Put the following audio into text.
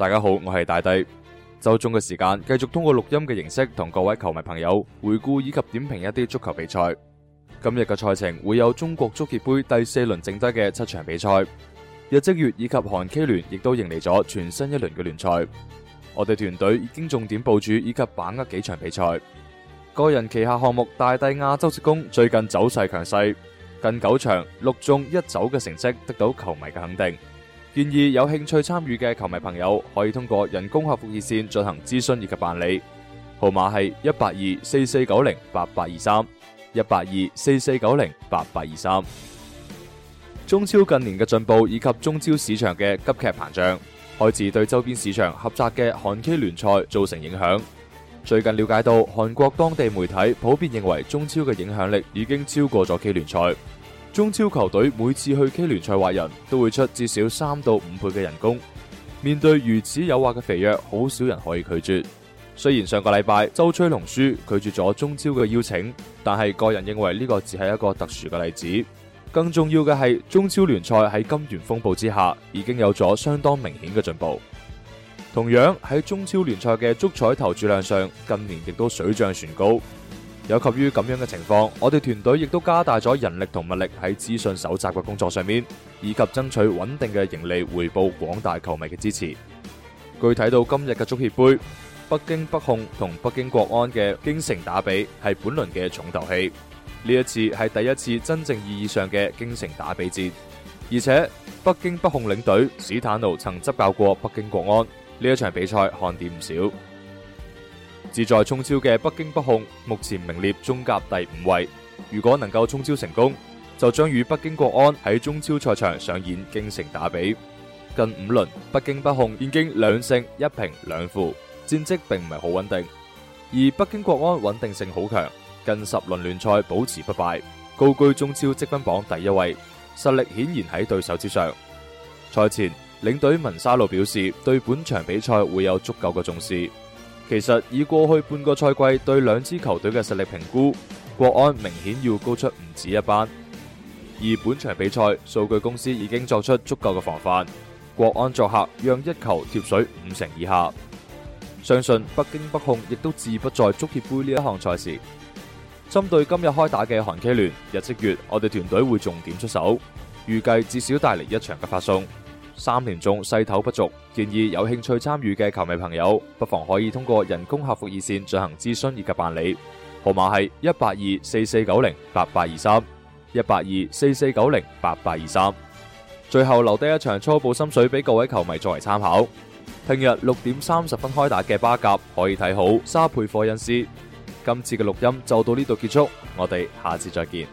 大家好，我係大帝。周中嘅時間繼續通過錄音嘅形式同各位球迷朋友回顧以及點評一啲足球比賽。今日嘅賽程會有中國足協杯第四輪剩低嘅七場比賽，日職乙以及韓 K 聯亦都迎嚟咗全新一輪嘅聯賽。我哋團隊已經重點部署以及把握幾場比賽。個人旗下項目大帝亞洲職工最近走勢強勢，近九場六中一走嘅成績得到球迷嘅肯定。建議有興趣參與嘅球迷朋友可以通過人工客服熱線進行諮詢以及辦理，號碼係一八二四四九零八八二三一八二四四九零八八二三。中超近年嘅進步以及中超市場嘅急劇膨脹，開始對周邊市場狹窄嘅韓 K 聯賽造成影響。最近了解到，韓國當地媒體普遍認為中超嘅影響力已經超過咗 K 聯賽。中超球隊每次去 K 聯賽挖人都會出至少三到五倍嘅人工，面對如此誘惑嘅肥約，好少人可以拒絕。雖然上個禮拜周崔龍書拒絕咗中超嘅邀請，但係個人認為呢個只係一個特殊嘅例子。更重要嘅係，中超聯賽喺金元風暴之下已經有咗相當明顯嘅進步。同樣喺中超聯賽嘅足彩投注量上，近年亦都水漲船高。有及於咁樣嘅情況，我哋團隊亦都加大咗人力同物力喺資訊搜集嘅工作上面，以及爭取穩定嘅盈利回報廣大球迷嘅支持。具體到今日嘅足協杯，北京北控同北京國安嘅京城打比係本輪嘅重頭戲。呢一次係第一次真正意義上嘅京城打比戰，而且北京北控領隊史坦奴曾執教過北京國安，呢一場比賽看點唔少。志在衝超嘅北京北控目前名列中甲第五位，如果能夠衝超成功，就將與北京國安喺中超賽場上演京城打比。近五輪北京北控已經兩勝一平兩負，戰績並唔係好穩定。而北京國安穩定性好強，近十輪聯賽保持不敗，高居中超積分榜第一位，實力顯然喺對手之上。賽前領隊文沙路表示，對本場比賽會有足夠嘅重視。其實以過去半個賽季對兩支球隊嘅實力評估，國安明顯要高出唔止一班。而本場比賽，數據公司已經作出足夠嘅防範，國安作客讓一球貼水五成以下。相信北京北控，亦都志不在足協杯呢一項賽事。針對今日開打嘅韓 K 聯日職月，我哋團隊會重點出手，預計至少帶嚟一場嘅發送。三年中勢頭不俗，建議有興趣參與嘅球迷朋友，不妨可以通過人工客服熱線進行諮詢以及辦理，號碼係一八二四四九零八八二三一八二四四九零八八二三。最後留低一場初步心水俾各位球迷作為參考，聽日六點三十分開打嘅巴甲可以睇好沙佩科恩斯。今次嘅錄音就到呢度結束，我哋下次再見。